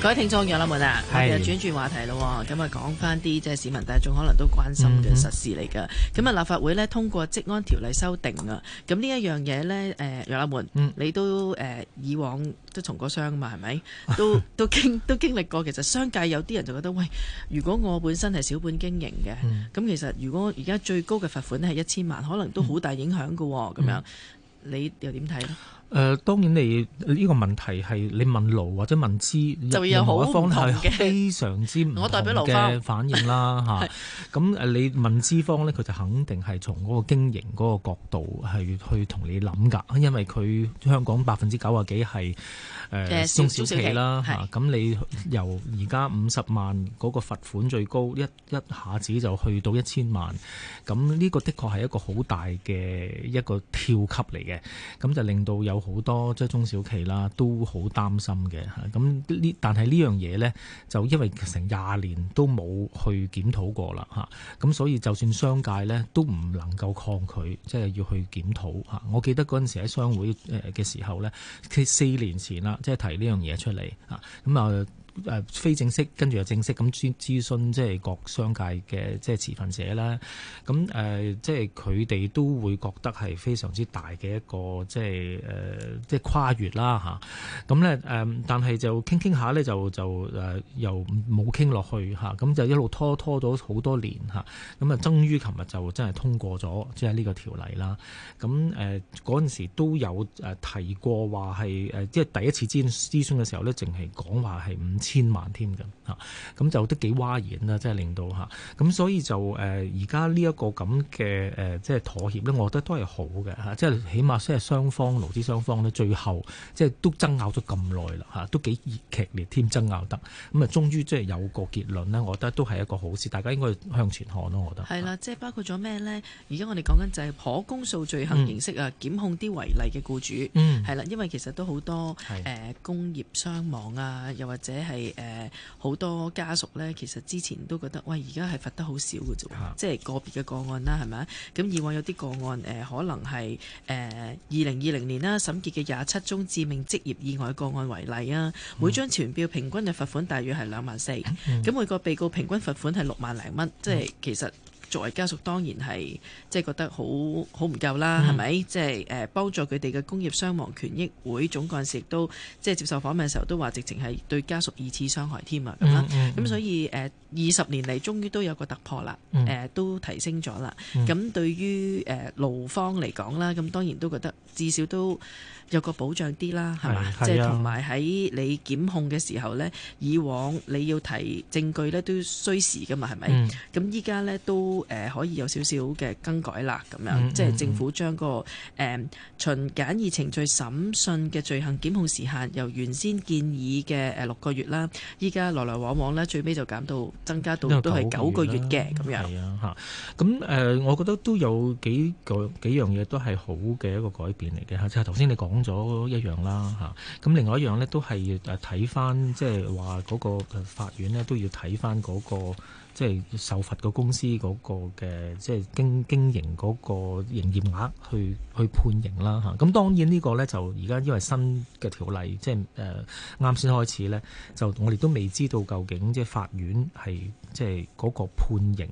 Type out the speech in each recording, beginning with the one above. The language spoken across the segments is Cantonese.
各位聽眾、楊立門啊，我哋轉轉話題咯，咁啊講翻啲即係市民大眾可能都關心嘅實事嚟嘅。咁啊、嗯嗯，那立法會咧通過職安條例修訂啊，咁呢一樣嘢咧，誒、呃，楊立門，嗯、你都誒、呃、以往都從過商嘛，係咪？都都經都經歷過。其實商界有啲人就覺得，喂，如果我本身係小本經營嘅，咁、嗯、其實如果而家最高嘅罰款係一千萬，可能都好大影響嘅喎、哦。咁、嗯、樣你又點睇？誒、呃、當然你呢、呢個問題係你問勞或者問資，好多方係非常之我代表勞嘅反應啦嚇。咁誒、啊、是你問資方咧，佢就肯定係從嗰個經營嗰個角度係去同你諗㗎，因為佢香港百分之九啊幾係。誒中小,小企啦吓，咁你由而家五十萬嗰個罰款最高一一下子就去到一千萬，咁呢個的確係一個好大嘅一個跳級嚟嘅，咁就令到有好多即係中小企啦都好擔心嘅吓。咁呢但係呢樣嘢咧，就因為成廿年都冇去檢討過啦吓，咁所以就算商界咧都唔能夠抗拒，即係要去檢討吓，我記得嗰陣時喺商會誒嘅時候咧，佢四年前啦。即係提呢樣嘢出嚟啊！咁啊～誒、呃、非正式跟住又正式，咁咨諮詢即係各商界嘅即係持份者啦，咁誒、呃、即係佢哋都會覺得係非常之大嘅一個即係誒、呃、即係跨越啦吓，咁咧誒但係就傾傾下咧就就誒、呃、又冇傾落去吓，咁、啊、就一路拖拖咗好多年吓，咁啊終於琴日就真係通過咗即係呢個條例啦，咁誒嗰陣時都有誒提過話係誒即係第一次咨諮詢嘅時候咧，淨係講話係五千。千萬添嘅嚇，咁就都幾嘩然啦，即係令到嚇，咁所以就誒而家呢一個咁嘅誒，即係妥協咧，我覺得都係好嘅嚇，即係起碼先係雙方勞資雙方呢最後即係都爭拗咗咁耐啦嚇，都幾熱劇烈添爭拗得。咁啊終於即係有個結論呢，我覺得都係一個好事，大家應該向前看咯，我覺得。係啦，即係包括咗咩呢？而家我哋講緊就係可公訴罪行形式啊，嗯、檢控啲違例嘅雇主，係啦、嗯，因為其實都好多誒的、呃、工業傷亡啊，又或者係。誒，好、呃、多家屬呢，其實之前都覺得喂，而家係罰得好少嘅啫。啊、即係個別嘅個案啦，係咪？咁以往有啲個案誒、呃，可能係誒二零二零年啦，審結嘅廿七宗致命職業意外個案為例啊，每張傳票平均嘅罰款大約係兩萬四，咁每個被告平均罰款係六萬零蚊，嗯、即係其實。作為家屬當然係即係覺得好好唔夠啦，係咪、嗯？即係誒幫助佢哋嘅工業傷亡權益會總幹事亦都即係、就是、接受訪問嘅時候都話，直情係對家屬二次傷害添啊！咁啦，咁、嗯嗯、所以誒二十年嚟，終於都有個突破啦，誒、嗯呃、都提升咗啦。咁、嗯、對於誒勞方嚟講啦，咁當然都覺得至少都。有個保障啲啦，係嘛？啊、即係同埋喺你檢控嘅時候咧，以往你要提證據咧都需時嘅嘛，係咪？咁依家咧都誒可以有少少嘅更改啦，咁樣、嗯，即係政府將個誒循簡易程序審訊嘅罪行檢控時限由原先建議嘅誒六個月啦，依家來來往往咧，最尾就減到增加到都係九個月嘅咁樣，係啊，吓，咁誒、呃、我覺得都有幾個幾樣嘢都係好嘅一個改變嚟嘅吓，即係頭先你講。咗一樣啦嚇，咁另外一樣咧都係誒睇返，即係話嗰個法院咧都要睇返嗰個即係、就是、受罰個公司嗰個嘅即係經經營嗰個營業額去去判刑啦嚇。咁當然呢個呢個咧就而家因為新嘅條例即係誒啱先開始咧，就我哋都未知道究竟即係、就是、法院係即係嗰個判刑。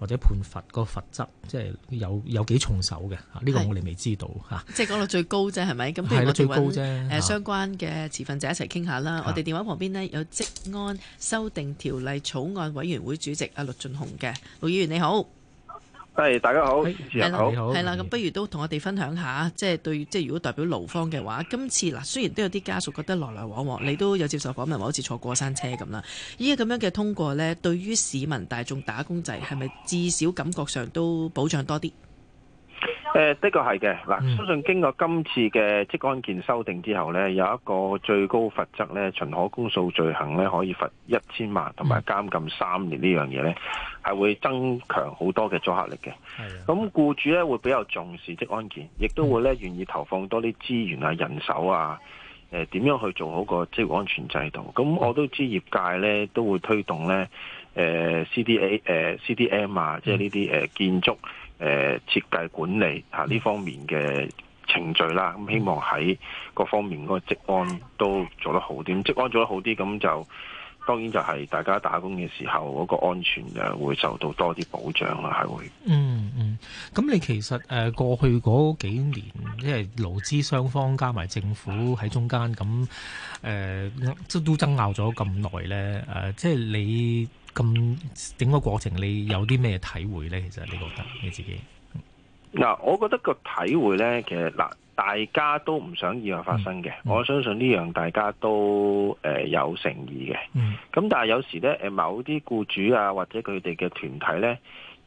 或者判罰個罰則，即係有有幾重手嘅嚇，呢、這個我哋未知道是、啊、即係講到最高啫，係咪咁？係啦，最高啫。呃、相關嘅持份者一齊傾下啦。的我哋電話旁邊呢，有職安修訂條例草案委員會主席阿陸頌雄嘅陸議員，你好。係、hey, 大家好，主 Hey. 好，係啦。咁不如都同我哋分享下，即係對，即係如果代表勞方嘅話，今次嗱，雖然都有啲家屬覺得來來往往，你都有接受訪問，話好似坐過山車咁啦。依家咁樣嘅通過呢，對於市民大眾打工仔，係咪至少感覺上都保障多啲？誒的確係嘅嗱，嗯、相信經過今次嘅職安健修訂之後咧，有一個最高罰則咧，循可公訴罪行咧，可以罰一千萬同埋監禁三年呢樣嘢咧，係會增強好多嘅阻嚇力嘅。咁的僱主咧會比較重視職安健，亦都會咧願意投放多啲資源啊、人手啊，誒、呃、點樣去做好個職業安全制度。咁、嗯、我都知業界咧都會推動咧，誒、呃、CDA 誒、呃、CDM 啊，即係呢啲建築。誒、呃、設計管理嚇呢、啊、方面嘅程序啦，咁希望喺各方面嗰個職安都做得好啲。職安做得好啲，咁就當然就係大家打工嘅時候嗰個安全誒會受到多啲保障啦，係會。嗯嗯，咁、嗯、你其實誒、呃、過去嗰幾年，即係勞資雙方加埋政府喺中間咁誒，即都爭拗咗咁耐咧。誒，即係你。咁整個過程，你有啲咩體會呢？其實你覺得你自己嗱，我覺得個體會呢，其實嗱，大家都唔想意外發生嘅。嗯嗯、我相信呢樣大家都、呃、有誠意嘅。咁、嗯、但係有時呢，某啲僱主啊，或者佢哋嘅團體呢。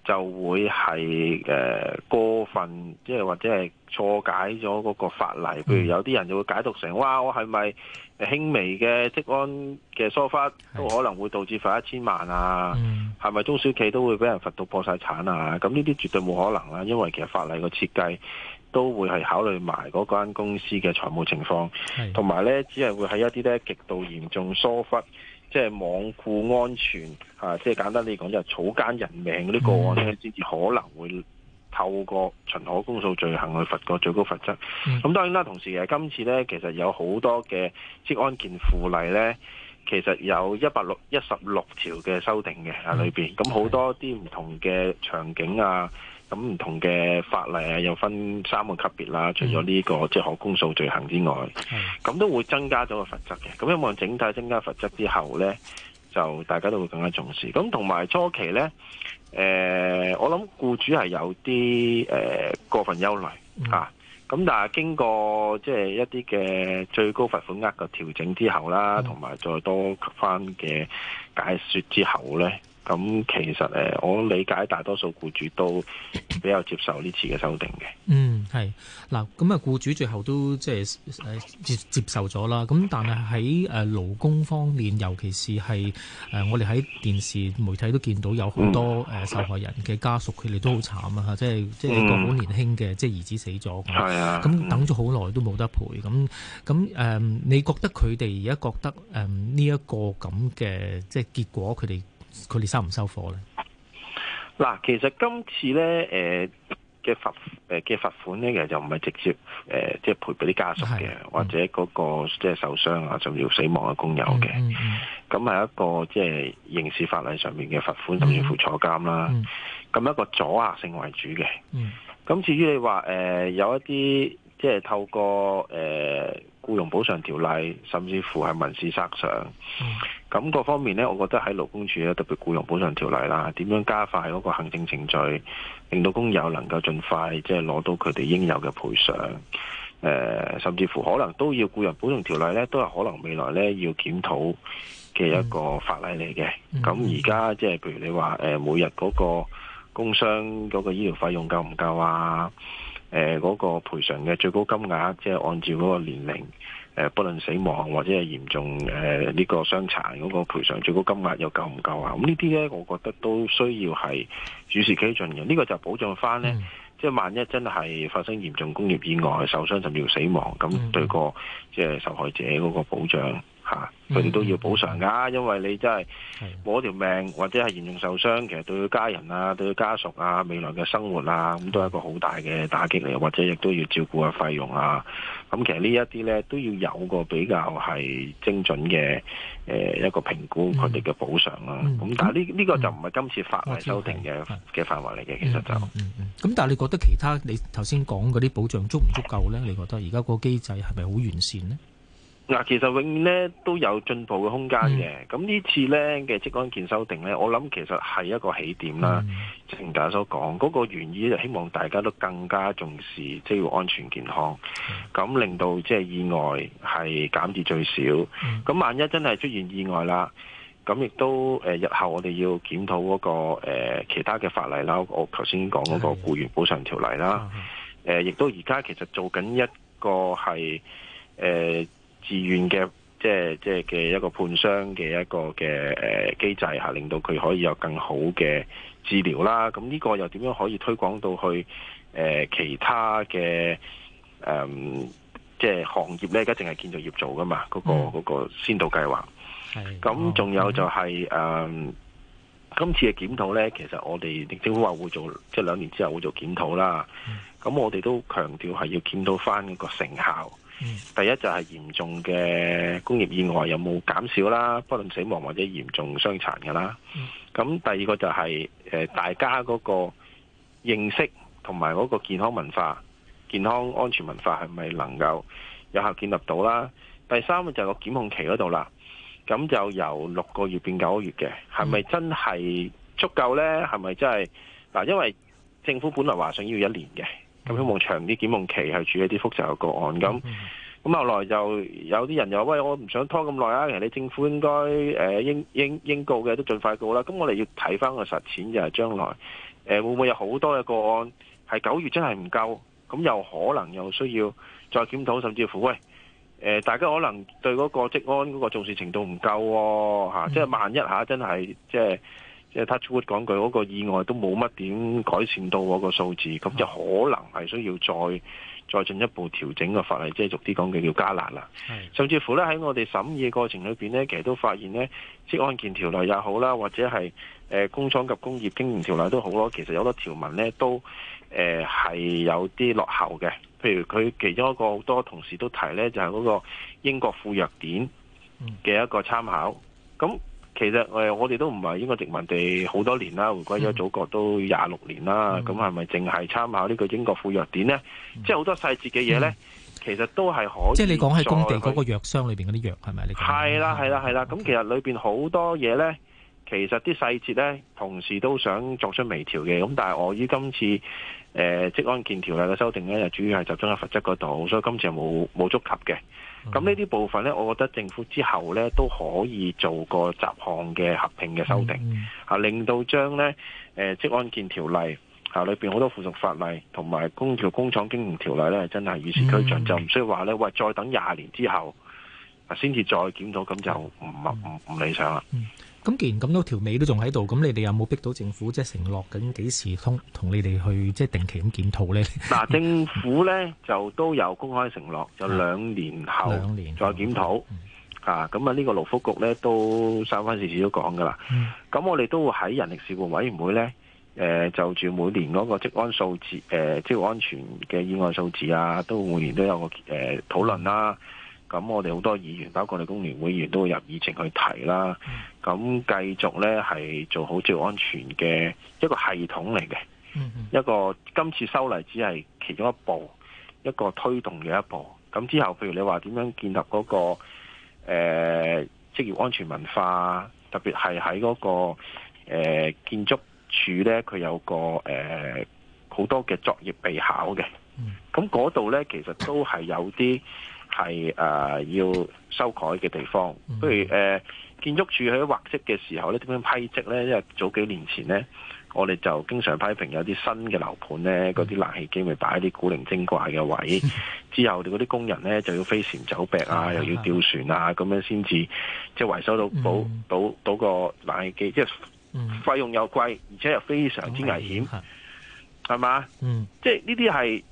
就會係誒、呃、過分，即係或者係錯解咗嗰個法例。譬如有啲人就會解讀成：哇，我係咪輕微嘅職安嘅疏忽都可能會導致罰一千萬啊？係咪的中小企都會俾人罰到破晒產啊？咁呢啲絕對冇可能啦、啊，因為其實法例個設計都會係考慮埋嗰間公司嘅財務情況，同埋的呢只係會喺一啲呢極度嚴重疏忽。即係罔顧安全，啊！即、就、係、是、簡單啲講，就是、草菅人命嗰啲個案咧，先至、mm hmm. 可能會透過循可公訴罪行去罰個最高罰則。咁、mm hmm. 當然啦，同時嘅今次咧，其實有好多嘅即職安健附例咧，其實有 16, 16、mm hmm. 一百六一十六條嘅修訂嘅喺裏邊，咁好多啲唔同嘅場景啊。咁唔同嘅法例啊，又分三個級別啦。嗯、除咗呢、這個即係、就是、可公訴罪行之外，咁、嗯、都會增加咗個罰則嘅。咁希望整體增加罰則之後呢，就大家都會更加重視。咁同埋初期呢，誒、呃，我諗僱主係有啲誒、呃、過分憂慮嚇咁、嗯啊、但係經過即係、就是、一啲嘅最高罰款額嘅調整之後啦，同埋、嗯、再多翻嘅解説之後呢，咁其實誒，我理解大多數僱主都比較接受呢次嘅修訂嘅。嗯，係嗱，咁啊，僱主最後都即係誒接接受咗啦。咁但係喺誒勞工方面，尤其是係誒我哋喺電視媒體都見到有好多誒受害人嘅家屬，佢哋、嗯、都好慘啊！嚇，即係即係個好年輕嘅，嗯、即係兒子死咗，係啊、嗯，咁等咗好耐都冇得賠咁。咁誒、嗯嗯，你覺得佢哋而家覺得誒呢一個咁嘅即係結果，佢哋？佢哋收唔收貨咧？嗱，其實今次咧，誒嘅罰誒嘅罰款咧，其實就唔係直接誒即係賠俾啲家屬嘅，的或者嗰、嗰個、嗯、即係受傷啊、甚至死亡嘅工友嘅。咁係、嗯嗯、一個即係刑事法例上面嘅罰款，甚至乎坐監啦。咁、嗯、一個阻吓性為主嘅。咁、嗯、至於你話誒、呃、有一啲。即係透過誒、呃、僱傭補償條例，甚至乎係民事索償咁各、mm. 方面呢，我覺得喺勞工處咧，特別僱傭補償條例啦，點樣加快嗰個行政程序，令到工友能夠盡快即係攞到佢哋應有嘅賠償。誒、呃，甚至乎可能都要僱傭補償條例呢，都係可能未來呢要檢討嘅一個法例嚟嘅。咁而家即係譬如你話誒、呃，每日嗰個工傷嗰個醫療費用夠唔夠啊？誒嗰、呃那個賠償嘅最高金額，即係按照嗰個年齡，誒、呃，不論死亡或者係嚴重誒呢、呃這個傷殘嗰個賠償最高金額又夠唔夠啊？咁呢啲咧，我覺得都需要係處事謹慎嘅。呢、這個就保障翻咧，即係、嗯、萬一真係發生嚴重工業意外、受傷甚至死亡，咁對、那個即係、就是、受害者嗰個保障。佢哋都要補償噶，嗯嗯嗯、因為你真係冇咗條命，是的或者係嚴重受傷，其實對佢家人啊、對佢家屬啊、未來嘅生活啊，咁都係一個好大嘅打擊嚟，或者亦都要照顧下費用啊。咁其實呢一啲呢，都要有一個比較係精準嘅誒一個評估佢哋嘅，佢哋嘅補償咯。咁、嗯、但係呢呢個就唔係今次法例修訂嘅嘅範圍嚟嘅，其實就咁、是嗯嗯嗯嗯。但係你覺得其他你頭先講嗰啲保障足唔足夠呢？你覺得而家個機制係咪好完善呢？嗱，其實永遠咧都有進步嘅空間嘅。咁的呢次咧嘅職安健修訂咧，我諗其實係一個起點啦。嗯、正如大家所講，嗰、那個原意就希望大家都更加重視即係、就是、要安全健康，咁、嗯、令到即係、就是、意外係減至最少。咁、嗯、萬一真係出現意外啦，咁亦都誒、呃、日後我哋要檢討嗰個誒、呃、其他嘅法例啦。我頭先講嗰個僱員補償條例啦，誒亦都而家其實做緊一個係誒。呃自願嘅即係即係嘅一個判傷嘅一個嘅誒機制吓，令到佢可以有更好嘅治療啦。咁呢個又點樣可以推廣到去誒其他嘅誒、嗯、即係行業咧？而家淨係建造業做噶嘛？嗰、嗯那個嗰、那個先導計劃。係的。咁仲有就係、是、誒、嗯嗯、今次嘅檢討咧，其實我哋政府話會做，即係兩年之後會做檢討啦。咁、嗯、我哋都強調係要檢討翻個成效。第一就係嚴重嘅工業意外有冇減少啦，不論死亡或者嚴重傷殘噶啦。咁第二個就係誒大家嗰個認識同埋嗰個健康文化、健康安全文化係咪能夠有效建立到啦？第三個就係個檢控期嗰度啦，咁就由六個月變九個月嘅，係咪真係足夠呢？係咪真係嗱？因為政府本來話想要一年嘅。咁希望長啲檢控期係處理啲複雜嘅個案，咁咁後來又有啲人又話喂，我唔想拖咁耐啊，其實你政府應該誒應應應告嘅都盡快告啦。咁我哋要睇返個實踐就係將來誒會唔會有好多嘅個案係九月真係唔夠，咁又可能又需要再檢討，甚至乎喂誒大家可能對嗰個職安嗰個重視程度唔夠喎嚇，即係萬一下真係即係。即係 Touchwood 講句嗰、那個意外都冇乜點改善到我、那個數字，咁就可能係需要再再進一步調整個法例，即係逐啲講叫加辣啦。的甚至乎咧喺我哋審議嘅過程裏邊呢，其實都發現呢，即係安全條例又好啦，或者係誒、呃、工廠及工業經營條例都好咯。其實有好多條文呢都誒係、呃、有啲落後嘅。譬如佢其中一個好多同事都提呢，就係、是、嗰個英國副藥典嘅一個參考。咁、嗯嗯其實誒，我哋都唔係英國殖民地好多年啦，回歸咗祖國都廿六年啦。咁係咪淨係參考呢個英國副藥典呢？嗯、即係好多細節嘅嘢呢，其實都係可以。即係你講喺工地嗰個藥箱裏邊嗰啲藥係咪？係啦，係啦，係啦。咁其實裏邊好多嘢呢，其實啲細節呢，同時都想作出微調嘅。咁但係我於今次。誒，職安健條例嘅修訂咧，主要係集中喺罰則嗰度，所以今次係冇冇觸及嘅。咁呢啲部分咧，我覺得政府之後咧都可以做個雜項嘅合併嘅修訂，嗯嗯啊，令到將咧誒職安健條例吓、啊、裏邊好多附屬法例同埋工條工廠經營條例咧，真係與時俱進，嗯嗯、就唔需要話咧喂再等廿年之後先至再檢討，咁就唔唔唔理想啦。嗯嗯咁既然咁多條尾都仲喺度，咁你哋有冇逼到政府即係承諾緊幾時通同你哋去即係定期咁檢討呢？嗱， 政府呢就都有公開承諾，就兩年後再檢討。嗯、啊，咁啊呢個勞福局呢都三番四次都講噶啦。咁、嗯、我哋都會喺人力事務委員會，會呢、呃，就住每年嗰個職安數字，誒職安全嘅意外數字啊，都每年都有個誒、呃、討論啦。咁我哋好多議員，包括我哋工聯會員，都會入議程去提啦。嗯咁繼續咧，係做好職業安全嘅一個系統嚟嘅，一個、mm hmm. 今次修例只係其中一步，一個推動嘅一步。咁之後，譬如你話點樣建立嗰、那個誒、呃、職業安全文化，特別係喺嗰個、呃、建築署咧，佢有個誒好、呃、多嘅作業備考嘅。咁嗰度咧，其實都係有啲係誒要修改嘅地方，譬、mm hmm. 如、呃建築署喺畫則嘅時候咧，點樣批則咧？因為早幾年前咧，我哋就經常批評有啲新嘅樓盤咧，嗰啲冷氣機咪擺喺啲古靈精怪嘅位置， 之後我哋嗰啲工人咧就要飛檐走壁啊， 又要吊船啊，咁 樣先至即係維修到保保保個冷氣機，即係費用又貴，而且又非常之危險，係嘛？嗯，即係呢啲係。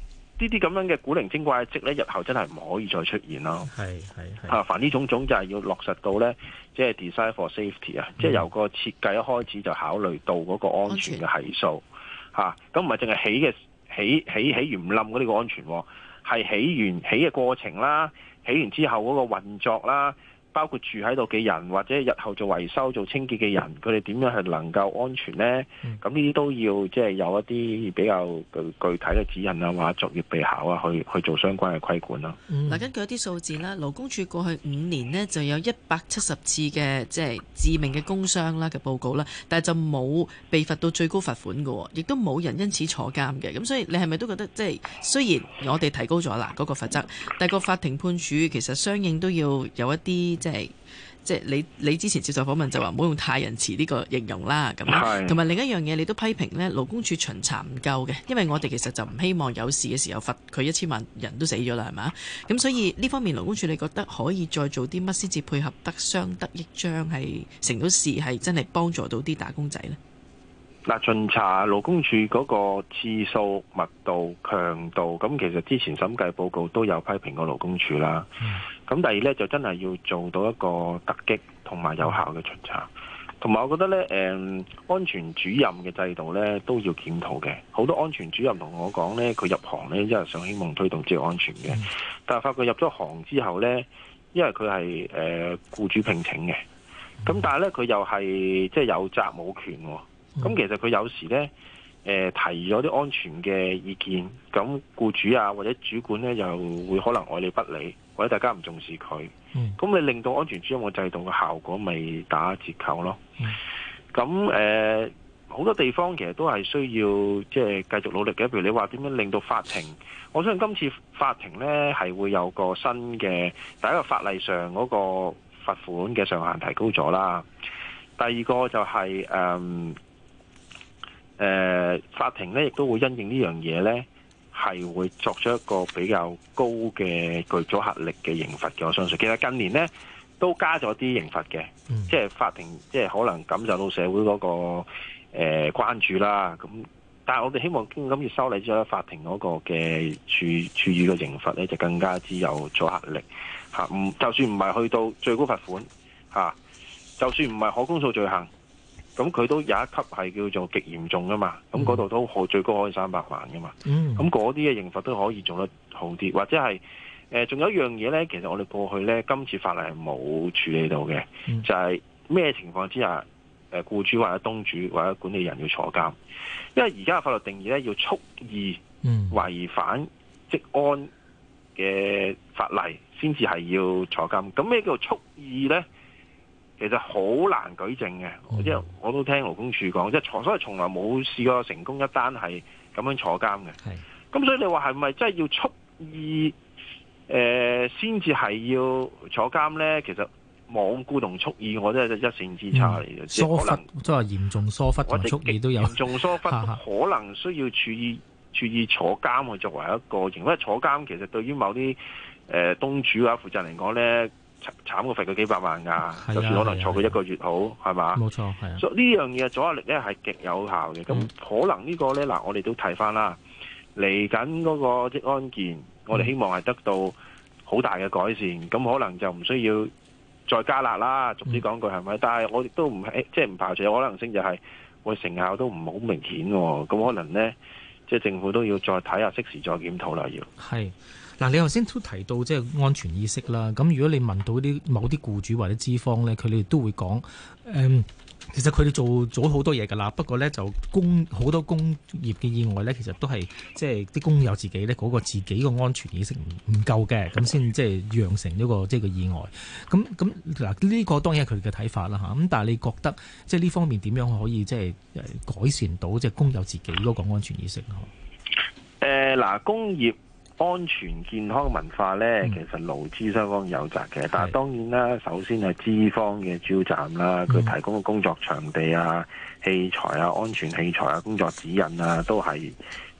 呢啲咁樣嘅古靈精怪嘅跡咧，日後真係唔可以再出現咯。係係啊，凡呢種種就係要落實到咧，即係 design for safety 啊、嗯，即係由個設計一開始就考慮到嗰個安全嘅係數。嚇全，咁唔係淨係起嘅起起起完唔冧嗰啲個安全、啊，係起完起嘅過程啦，起完之後嗰個運作啦。包括住喺度嘅人，或者日後做維修、做清潔嘅人，佢哋點樣係能夠安全呢？咁呢啲都要即係有一啲比較具具體嘅指引啊，或者作業備考啊，去去做相關嘅規管啦。嗱、嗯，根據一啲數字啦，勞工處過去五年呢，就有一百七十次嘅即係致命嘅工傷啦嘅報告啦，但係就冇被罰到最高罰款嘅，亦都冇人因此坐監嘅。咁所以你係咪都覺得即係雖然我哋提高咗啦嗰個罰則，但係個法庭判處其實相應都要有一啲。即係即係你你之前接受訪問就話唔好用太仁慈呢個形容啦咁，同埋是另一樣嘢你都批評呢，勞工處巡查唔夠嘅，因為我哋其實就唔希望有事嘅時候罰佢一千萬，人都死咗啦係嘛，咁所以呢方面勞工處你覺得可以再做啲乜先至配合得相得益彰係成到事係真係幫助到啲打工仔呢？嗱，巡查勞工處嗰個次數、密度、強度，咁其實之前審計報告都有批評過勞工處啦。咁第二呢，就真係要做到一個突擊同埋有效嘅巡查。同埋，我覺得呢，誒、嗯，安全主任嘅制度呢都要檢討嘅。好多安全主任同我講呢，佢入行呢，因為想希望推動職業安全嘅，但係發覺入咗行之後呢，因為佢係誒僱主聘請嘅，咁但係呢，佢又係即係有責冇權、哦。咁、嗯、其實佢有時呢，誒、呃、提咗啲安全嘅意見，咁雇主啊或者主管呢，又會可能愛理不理，或者大家唔重視佢，咁、嗯、你令到安全主任嘅制度嘅效果咪打折扣咯。咁誒、嗯，好、呃、多地方其實都係需要即係繼續努力嘅，譬如你話點樣令到法庭，我相信今次法庭呢係會有個新嘅第一個法例上嗰個罰款嘅上限提高咗啦，第二個就係、是、誒。嗯誒法庭咧亦都會因應呢樣嘢咧，係會作出一個比較高嘅具阻嚇力嘅刑罰嘅，我相信。其實近年咧都加咗啲刑罰嘅，即係法庭即係可能感受到社會嗰個誒關注啦。咁但係我哋希望經今次修例之後，法庭嗰個嘅處處理嘅刑罰咧就更加之有阻嚇力嚇。唔就算唔係去到最高罰款嚇，就算唔係可公訴罪行。咁佢都有一級係叫做極嚴重噶嘛，咁嗰度都可最高可以三百萬噶嘛，咁嗰啲嘅刑罰都可以做得好啲，或者係仲、呃、有一樣嘢咧，其實我哋過去咧今次法例係冇處理到嘅，嗯、就係咩情況之下誒、呃、僱主或者東主或者管理人要坐監，因為而家嘅法律定義咧要蓄意違反職安嘅法例先至係要坐監，咁咩叫做蓄意咧？其實好難舉證嘅，嗯、即我都聽勞工處講，即係所以從來冇試過成功一單係咁樣坐監嘅。咁是所以你話係咪真係要蓄意呃先至係要坐監咧？其實罔顧同蓄意我真係一線之差嚟嘅。嗯、疏忽即係、就是、嚴重疏忽同蓄意都有。嚴重疏忽可能需要處以處以坐監去作為一個，因為坐監其實對於某啲誒、呃、東主啊，負責人嚟講咧。慘過罰佢幾百萬噶，啊、就算可能坐佢一個月好，係嘛？冇錯，係啊。所以吧、啊 so, 呢樣嘢阻嚇力咧係極有效嘅。咁、嗯、可能這個呢個咧嗱，我哋都睇翻啦。嚟緊嗰個職安健，我哋希望係得到好大嘅改善。咁、嗯、可能就唔需要再加壓啦。總之講句係咪、嗯？但係我亦都唔係即唔排除可能性、就是，就係我成效都唔好明顯。咁可能咧，即、就是、政府都要再睇下，適時再檢討啦。要係。嗱，你頭先都提到即係安全意識啦。咁如果你問到啲某啲僱主或者資方咧，佢哋都會講，誒、嗯，其實佢哋做咗好多嘢噶啦。不過咧，就工好多工業嘅意外咧，其實都係即係啲工友自己咧嗰個自己嘅安全意識唔夠嘅，咁先即係釀成一個即係個意外。咁咁嗱，呢個當然係佢哋嘅睇法啦嚇。咁但係你覺得即係呢方面點樣可以即係改善到即係工友自己嗰個安全意識啊？嗱、呃，工業。安全健康文化呢，其實勞資雙方有責嘅，但係當然啦，首先係資方嘅職責啦，佢提供嘅工作場地啊、器材啊、安全器材啊、工作指引啊，都係。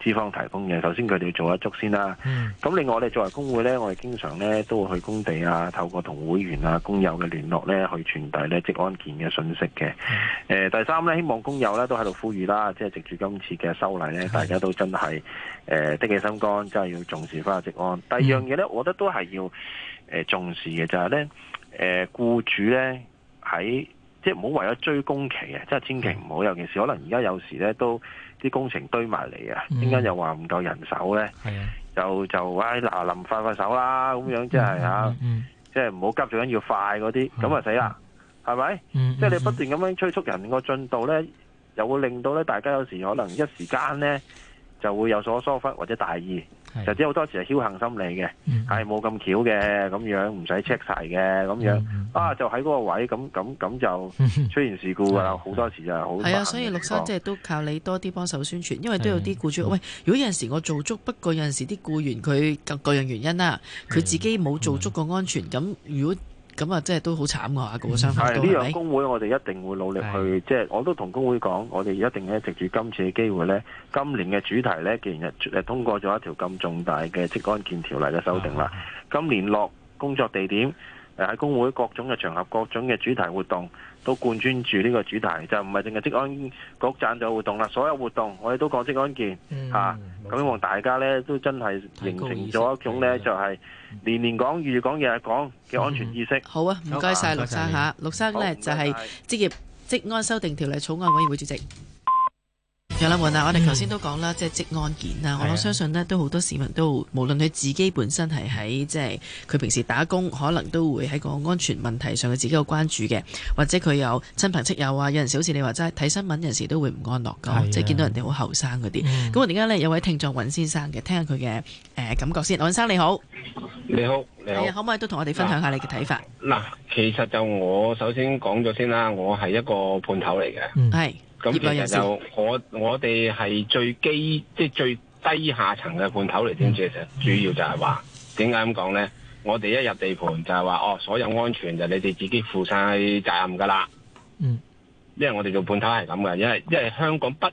資方提供嘅，首先佢哋做一足先啦。咁、嗯、另外，我哋作為工會呢，我哋經常呢都會去工地啊，透過同會員啊、工友嘅聯絡呢去傳遞呢職安健嘅信息嘅。誒、嗯呃、第三呢，希望工友呢都喺度呼籲啦，即係藉住今次嘅修例呢，嗯、大家都真係誒的起心肝，真係要重視翻職安。第二樣嘢呢，我覺得都係要誒、呃、重視嘅，就係呢，誒、呃、僱主呢喺即係唔好為咗追工期嘅，即係千祈唔好。嗯、尤其是可能而家有時呢都。啲工程堆埋嚟啊，點解又話唔夠人手咧？又就誒嗱，臨快快手啦，咁樣即係啊，即係唔好急住緊要快嗰啲，咁啊死啦，係咪？即係你不斷咁樣催促人個進度咧，又會令到咧大家有時可能一時間咧。就會有所疏忽或者大意，就即好多時係僥倖心理嘅，係冇咁巧嘅咁樣，唔使 check 齊嘅咁樣，啊就喺嗰個位咁咁咁就出現事故㗎啦，好多時就係好。係啊，所以陸生即係都靠你多啲幫手宣傳，因為都有啲僱主喂，如果有陣時我做足，不過有陣時啲僱員佢各各樣原因啦，佢自己冇做足個安全咁，如果。咁啊，即係都好慘嘅嚇，個雙方都。係呢樣工會，我哋一定會努力去，即係我都同工會講，我哋一定咧，藉住今次嘅機會咧，今年嘅主題咧，既然係通過咗一條咁重大嘅職安健條例嘅修訂啦，今年落工作地點誒喺工會各種嘅場合、各種嘅主題活動，都貫穿住呢個主題，就唔係淨係職安局贊助活動啦，所有活動我哋都講職安健嚇，咁希望大家咧都真係形成咗一種咧，就係。年年講，月月講，日日講嘅安全意識。嗯嗯，好啊，唔該晒。綠生陸生嚇。陸生咧就係職業職安修訂條例草案委員會主席。有、嗯嗯、我哋頭先都講啦，即係即案件啦。我相信呢，都好多市民都，無論佢自己本身係喺即係佢平時打工，可能都會喺個安全問題上，佢自己有關注嘅，或者佢有親朋戚友啊。有人時好似你話齋睇新聞，有陣時都會唔安樂噶，即係的見到人哋好後生嗰啲。咁、嗯、我而家呢，有位聽眾尹先生嘅，聽下佢嘅誒感覺先。尹先生你好，你好，你好，你好。可唔可以都同我哋分享下你嘅睇法？嗱、啊，其實就我首先講咗先啦，我係一個判頭嚟嘅，嗯咁其實就我我哋係最基即、就是、最低下層嘅判頭嚟，點至啫。嗯、主要就係話點解咁講咧？我哋一入地盤就係話哦，所有安全就你哋自己負晒責任噶啦。嗯，因為我哋做判頭係咁嘅，因為因為香港不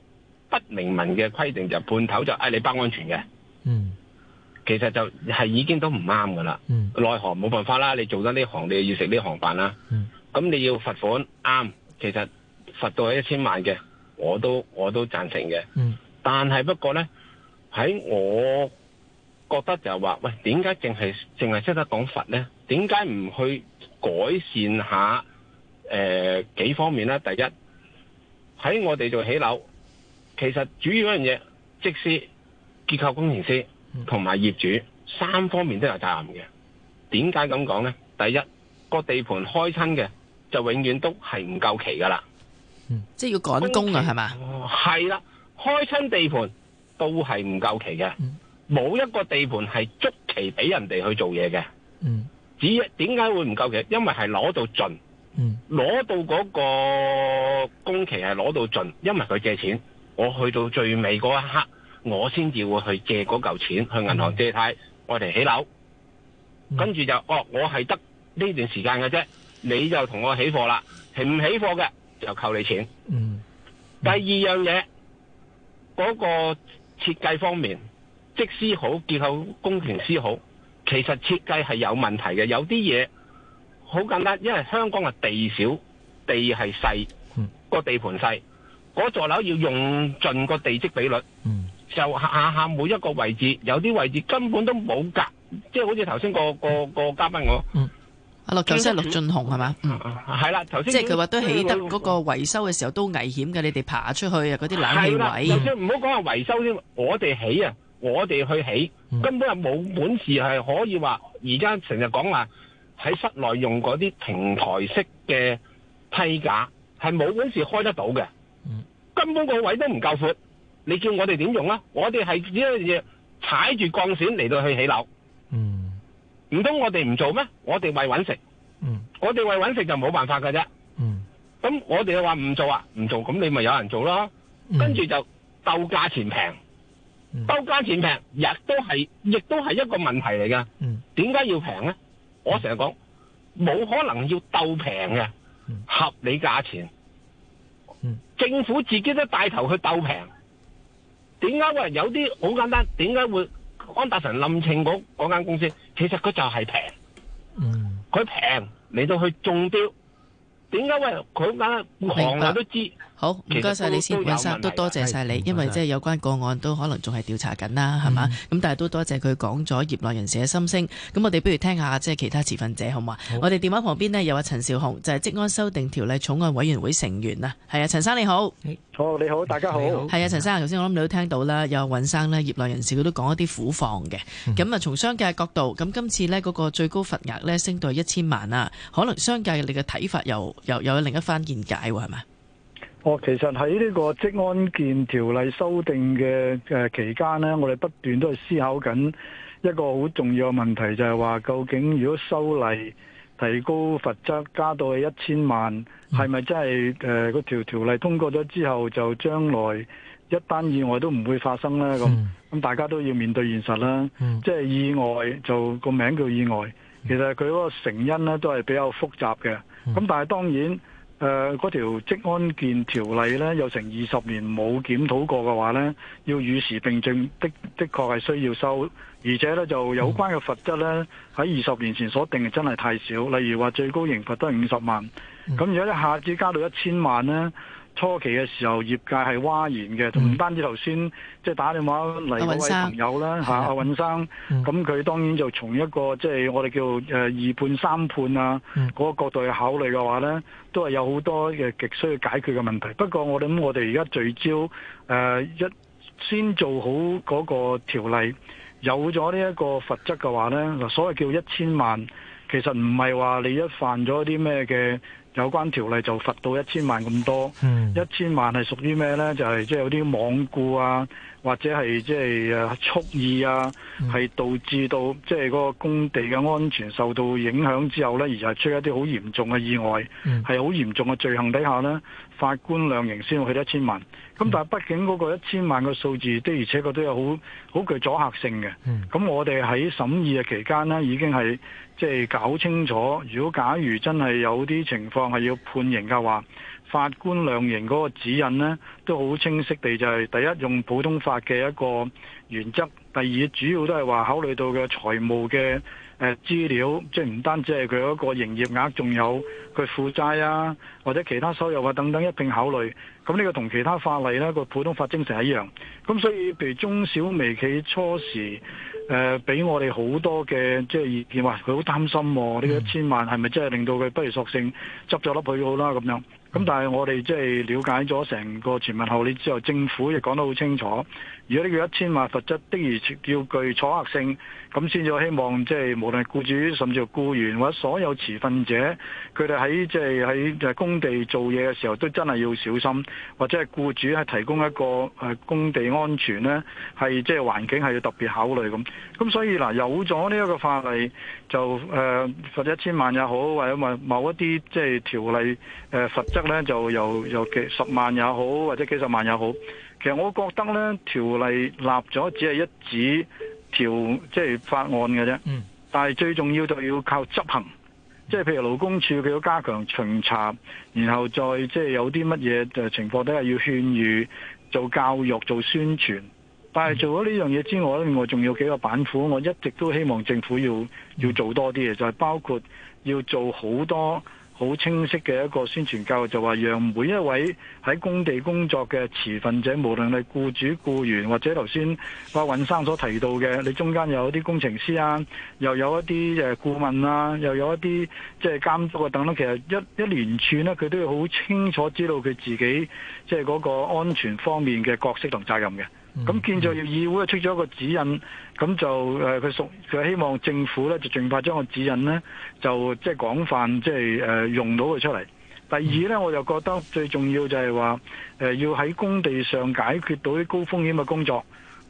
不明文嘅規定就判、是、頭就誒、是哎、你包安全嘅。嗯，其實就係已經都唔啱噶啦。嗯，內行冇辦法啦？你做得呢行，你要食呢行飯啦。嗯，咁你要罰款啱，其實罰到一千萬嘅，我都我都贊成嘅。嗯、但係不過呢，喺我覺得就係話，喂，點解淨係淨係識得講罰呢？點解唔去改善一下？誒、呃，幾方面呢？第一，喺我哋做起樓，其實主要一樣嘢，即係結構工程師同埋業主三方面都有責任嘅。點解咁講呢？第一，個地盤開親嘅，就永遠都係唔夠期噶啦。即係要趕工啊，係嘛？係啦，開親地盤都係唔夠期嘅，冇一個地盤係足期俾人哋去做嘢嘅。嗯，只點解會唔夠期？因為係攞到盡，攞到嗰個工期係攞到盡，因為佢借錢，我去到最尾嗰一刻，我先至會去借嗰嚿錢去銀行借貸，我哋起樓。跟住就哦，我係得呢段時間嘅啫，你就同我起貨啦，係唔起貨嘅。就扣你錢。嗯，嗯，第二樣嘢，嗰、嗰個設計方面，則師好，結構工程師好，其實設計係有問題嘅。有啲嘢好簡單，因為香港嘅地少，地係細，地盤小，嗯、個，個地盤細，嗰座樓要用盡個地積比率。嗯，就下下每一個位置，有啲位置根本都冇格，即係好似頭先個個、嗯、個嘉賓我。嗯阿陸總即係，陸頌雄係嘛？嗯，係啦，頭先即係佢話都起得嗰個維修嘅時候都危險嘅，你哋爬出去啊嗰啲冷氣位。係啦，唔好講話維修先，我哋起啊，我哋去起根本係冇本事係可以話，而家成日講話喺室內用嗰啲平台式嘅梯架係冇本事開得到嘅。嗯，根本個位都唔夠闊，你叫我哋點用啊？我哋係只係踩住鋼線嚟到去起樓。唔通我哋唔做咩？我哋為搵食，我哋為搵食就冇辦法㗎啫。咁我哋又話唔做啊，唔做，咁你咪有人做咯。跟住就鬥價錢平，鬥價錢平亦都係亦都係一個問題嚟嘅。點解要平咧？我成日講冇可能要鬥平嘅，合理價錢。政府自己都帶頭去鬥平，點解會有啲好簡單？點解會安達臣林清嗰嗰間公司？其實佢就係平，嗯，佢平嚟到去中標，點解？喂，佢啱行人都知。好，唔該晒。你先，尹生都多謝晒你，因為即係有關個案都可能仲係調查緊啦，係嘛？咁，但係都多謝佢講咗業內人士嘅心聲。咁我哋不如聽一下即係其他持份者，好唔好？我哋電話旁邊呢，有阿陳紹雄，就係、是、職安修訂條例草案委員會成員啊。係啊，陳生你好，你好、哎哦，你好，大家好，係好啊，陳生頭先、嗯、我諗你都聽到啦，有尹生呢業內人士佢都講一啲苦況嘅咁啊。從、嗯、商界角度，咁今次呢嗰個最高罰額呢，升到係一千萬啊，可能商界你嘅睇法又又又有另一番見解喎，係咪？哦、其實喺呢個職安健條例修訂嘅誒期間呢，我哋不斷都係思考緊一個好重要嘅問題，就係、是、話究竟如果修例提高罰則加到去一千萬，係咪、嗯、真係誒個條條例通過咗之後，就將來一單意外都唔會發生呢？咁咁、嗯、大家都要面對現實啦，嗯、即係意外就個名叫意外，其實佢嗰個成因呢，都係比較複雜嘅。咁、嗯、但係當然。誒嗰、呃、條職安健條例呢，有成二十年冇檢討過嘅話呢，要與時並進的，的確係需要修。而且呢，就有關嘅罰則呢，喺二十年前所定嘅真係太少，例如話最高刑罰都係五十萬，咁、嗯、而家一下子加到一千萬呢？初期嘅時候，業界係嘩然嘅，同唔、嗯、單止頭先即係打電話嚟嗰位朋友啦嚇，阿尹生，咁佢、啊嗯、當然就從一個即係、就是、我哋叫二判三判啊嗰、嗯、個角度去考慮嘅話呢都係有好多嘅極需要解決嘅問題。不過我諗我哋而家聚焦誒、呃、一先做好嗰個條例，有咗呢一個罰則嘅話呢嗱所謂叫一千萬，其實唔係話你一犯咗啲咩嘅。有關條例就罰到一千萬咁多，嗯、一千萬係屬於咩呢？就係即係有啲罔顧啊，或者係即係蓄意啊，係、嗯、導致到即係嗰個工地嘅安全受到影響之後呢，而係出一啲好嚴重嘅意外，係好嚴重嘅罪行底下呢，法官量刑先會去到一千萬，咁但係畢竟嗰個一千萬個數字的而且確都有好好具阻嚇性嘅。咁我哋喺審議嘅期間咧，已經係即係搞清楚，如果假如真係有啲情況係要判刑嘅話，法官量刑嗰個指引咧都好清晰地就係、是、第一用普通法嘅一個原則，第二主要都係話考慮到嘅財務嘅。誒、呃、資料，即係唔單止係佢嗰個營業額，仲有佢負債啊，或者其他收入啊等等一並考慮。咁呢個同其他法例呢個普通法精神一樣。咁所以，譬如中小微企初時誒，俾、呃、我哋好多嘅即係意見話，佢好擔心呢個一千萬係咪真係令到佢不如索性執咗粒佢好啦咁樣。咁但係我哋即係了解咗成個前文後理之後，政府亦講得好清楚。如果呢個一千萬罰則的而且要具阻嚇性，咁先至希望即係無論僱主甚至係僱員或者所有持份者，佢哋喺即係喺工地做嘢嘅時候都真係要小心，或者係僱主係提供一個工地安全咧，係即係環境係要特別考慮咁。咁所以嗱，有咗呢一個法例就誒罰一千萬也好，或者某一啲即係條例誒罰則咧就又又幾十萬也好，或者幾十萬也好。其實我覺得呢條例立咗只係一紙條，即係法案嘅啫。嗯。但係最重要就要靠執行，即係譬如勞工處佢要加強巡查，然後再即係有啲乜嘢情況底下要勸喻、做教育、做宣傳。但係做咗呢樣嘢之外呢、嗯、我仲有幾個板斧，我一直都希望政府要要做多啲嘢，就係、是、包括要做好多。好清晰嘅一個宣傳教育，就話讓每一位喺工地工作嘅持份者，無論係僱主僱員，或者頭先阿尹生所提到嘅，你中間有一啲工程師啊，又有一啲誒顧問啊，又有一啲即係監督啊等等，其實一一連串咧，佢都要好清楚知道佢自己即係嗰個安全方面嘅角色同責任嘅。咁建造業議會出咗一個指引，咁就誒佢屬佢希望政府咧就盡快將個指引咧就即係、就係、廣泛即係誒用到佢出嚟。第二咧，我就覺得最重要就係話、呃、要喺工地上解決到啲高風險嘅工作。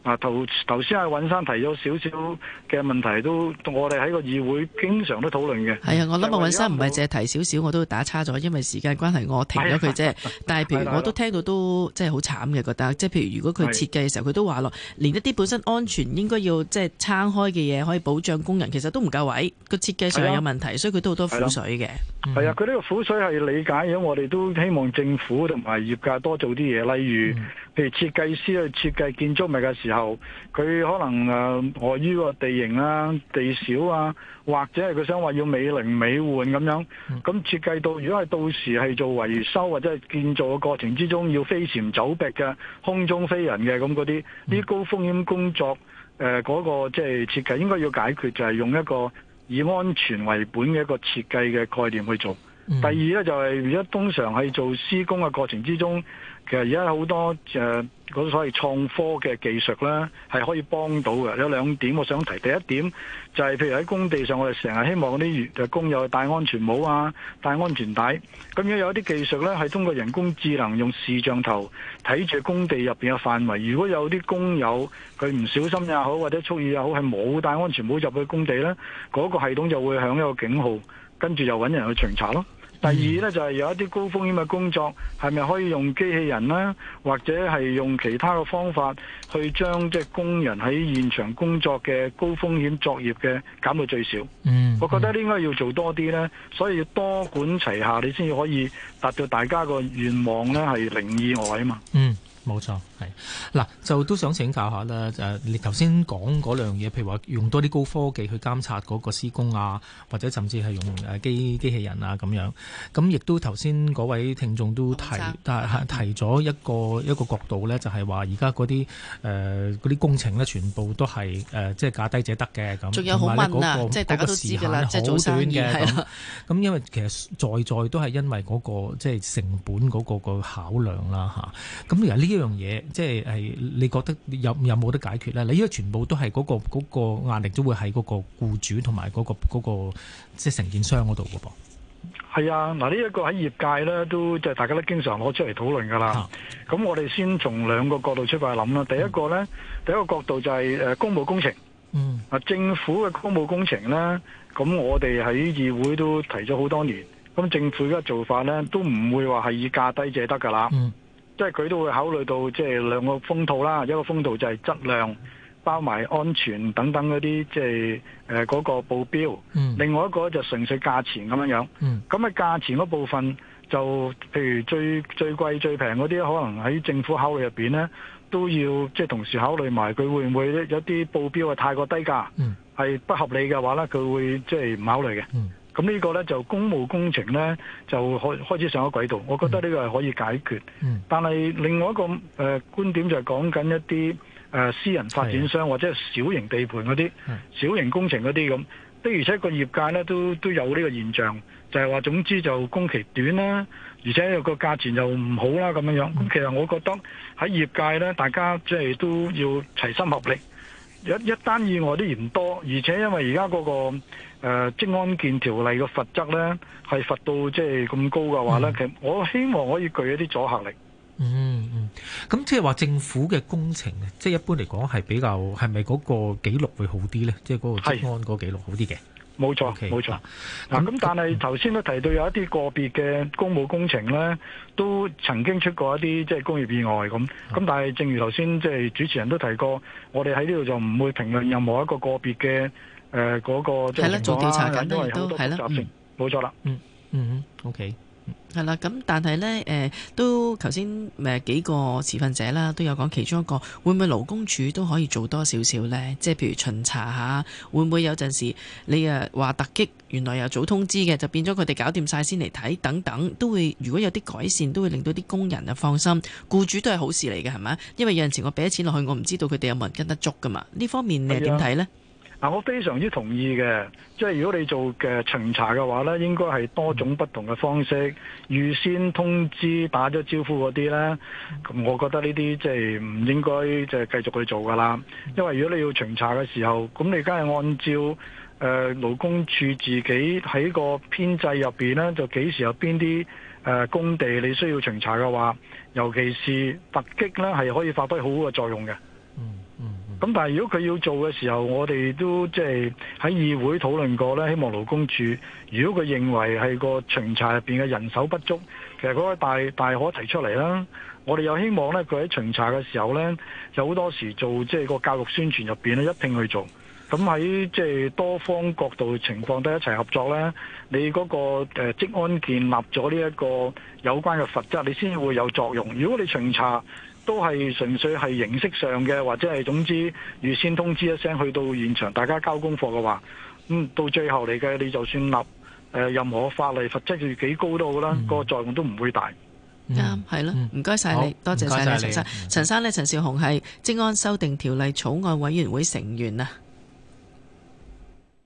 啊，頭頭先阿尹生提咗少少嘅問題，都我哋喺個議會經常都討論嘅。係啊，我諗阿尹生唔係淨係提少少，我都打叉咗，因為時間關係，我停咗佢啫。的但係譬如我都聽到都即係好慘嘅覺得，即係譬如如果佢設計嘅時候，佢的都話咯，連一啲本身安全應該要即係撐開嘅嘢，可以保障工人，其實都唔夠位。個設計上有問題，的所以佢都好多苦水嘅。係啊，佢呢個苦水係理解嘅，因為我哋都希望政府同埋業界多做啲嘢，例如。譬如設計師去設計建築物嘅時候，佢可能誒礙、呃、於個地形啦、啊、地少啊，或者係佢想話要美輪美奐咁樣，咁設計到如果係到時係做維修或者係建造嘅過程之中要飛檐走壁嘅空中飛人嘅咁嗰啲，呢啲高風險工作，誒、呃、嗰、那個即係設計應該要解決就係用一個以安全為本嘅一個設計嘅概念去做。嗯、第二咧就係如果通常係做施工嘅過程之中。其實而家好多誒嗰、呃、所謂創科嘅技術咧，係可以幫到嘅。有兩點我想提，第一點就係譬如喺工地上，我哋成日希望啲工友戴安全帽啊、戴安全帶。咁樣有啲技術咧，係通過人工智能用視像頭睇住工地入面嘅範圍。如果有啲工友佢唔小心又好，或者蓄意又好，係冇戴安全帽入去工地咧，嗰、嗰個系統就會響一個警號，跟住就揾人去巡查咯。第二咧就係、是、有一啲高風險嘅工作，係咪可以用機器人呢？或者係用其他嘅方法去將即係工人喺現場工作嘅高風險作業嘅減到最少？嗯，我覺得應該要做多啲呢，所以要多管齊下，你先至可以達到大家個願望呢，係零意外啊嘛。嗯。冇錯，係嗱，就都想請教下啦，誒、就是，你頭先講嗰兩樣嘢，譬如話用多啲高科技去監察嗰個施工啊，或者甚至係用誒機機器人啊咁樣，咁亦都頭先位聽眾都提，但係提咗一個一個角度咧，就係話而家啲誒啲工程咧，全部都係誒即係價低者得嘅，咁仲有好問啊，那個、即係大家都知㗎啦，即係做生意咁的因為其實在在都係因為嗰、那個即係、就是、成本嗰個個考量啦吓，咁而家呢呢樣嘢，即係你覺得有有冇得解決咧？你呢個全部都係嗰個嗰個壓力，都會喺嗰個僱主同埋嗰個嗰個即係承建商嗰度噶噃。係啊，嗱呢一個喺業界咧，都即係大家都經常攞出嚟討論噶啦。咁我哋先從兩個角度出發諗啦。第一個咧，第一個角度就係誒公務工程。嗯啊，政府嘅公務工程咧，咁我哋喺議會都提咗好多年。咁政府嘅做法咧，都唔會話係以價低者得噶啦。即係佢都會考慮到即係兩個風套啦，一個風套就係質量，包埋安全等等嗰啲、就是，即係嗰個報標。嗯、另外一個就純粹價錢咁樣樣。咁啊價錢嗰部分就譬如最最貴最平嗰啲，可能喺政府考慮入邊呢，都要即係同時考慮埋佢會唔會有啲報標啊，太過低價，係、嗯、不合理嘅話呢，佢會即係唔考慮嘅。嗯嗯咁呢個呢，就公務工程呢，就開開始上咗軌道，我覺得呢個係可以解決。嗯、但係另外一個誒、呃、觀點就係講緊一啲誒、呃、私人發展商的或者小型地盤嗰啲、的小型工程嗰啲咁。的而且個業界呢，都都有呢個現象，就係、是、話總之就工期短啦，而且個價錢又唔好啦咁樣樣。咁、嗯、其實我覺得喺業界呢，大家即係都要齊心合力。一一單意外啲嫌多，而且因為而家嗰個呃、職安健條例嘅罰則咧，係罰到即係咁高嘅話咧，嗯、其實我希望可以具一啲阻嚇力。嗯嗯，咁即係話政府嘅工程呢，即係一般嚟講係比較係咪嗰個記錄會好啲咧？即係嗰個職安嗰記錄好啲嘅？冇錯，冇錯。嗱，咁但係頭先都提到有一啲個別嘅公務工程咧，都曾經出過一啲即係工業意外咁。咁但係正如頭先即係主持人都提過，我哋喺呢度就唔會評論任何一個個別嘅誒嗰個即係情況啦，因為好多複雜性，冇錯啦。嗯嗯，OK。係啦，咁但係呢，誒、呃、都頭先誒幾個持份者啦，都有講，其中一個會唔會勞工處都可以做多少少呢？即係譬如巡查下，會唔會有陣時你誒話突擊，原來又早通知嘅，就變咗佢哋搞掂晒先嚟睇等等，都會如果有啲改善，都會令到啲工人啊放心。僱主都係好事嚟嘅，係咪？因為有陣時我俾咗錢落去，我唔知道佢哋有冇人跟得足噶嘛？呢方面是的你又點睇呢？嗱，我非常之同意嘅，即係如果你做嘅巡查嘅話咧，應該係多種不同嘅方式，預先通知、打咗招呼嗰啲咧，咁我覺得呢啲即係唔應該即係繼續去做噶啦。因為如果你要巡查嘅時候，咁你梗係按照誒、呃、勞工處自己喺個編制入邊咧，就幾時有邊啲誒工地你需要巡查嘅話，尤其是突擊咧，係可以發揮好好嘅作用嘅。咁但係如果佢要做嘅時候，我哋都即係喺議會討論過咧。希望勞工處如果佢認為係個巡查入面嘅人手不足，其實嗰個大大可提出嚟啦。我哋又希望咧佢喺巡查嘅時候咧，有好多時做即係個教育宣傳入面咧一併去做。咁喺即係多方角度嘅情況都一齊合作咧，你嗰個職安建立咗呢一個有關嘅罰則，你先會有作用。如果你巡查，都係純粹係形式上嘅，或者係總之預先通知一聲去到現場，大家交功課嘅話，咁、嗯、到最後嚟嘅你就算立誒任何法例罰則要幾高都好啦，嗯、那個作用都唔會大。啱、嗯，係咯、嗯，唔該晒你，多好謝晒陳生。陳生咧，嗯、陳紹雄係《職安修訂條例草案》委員會成員啊。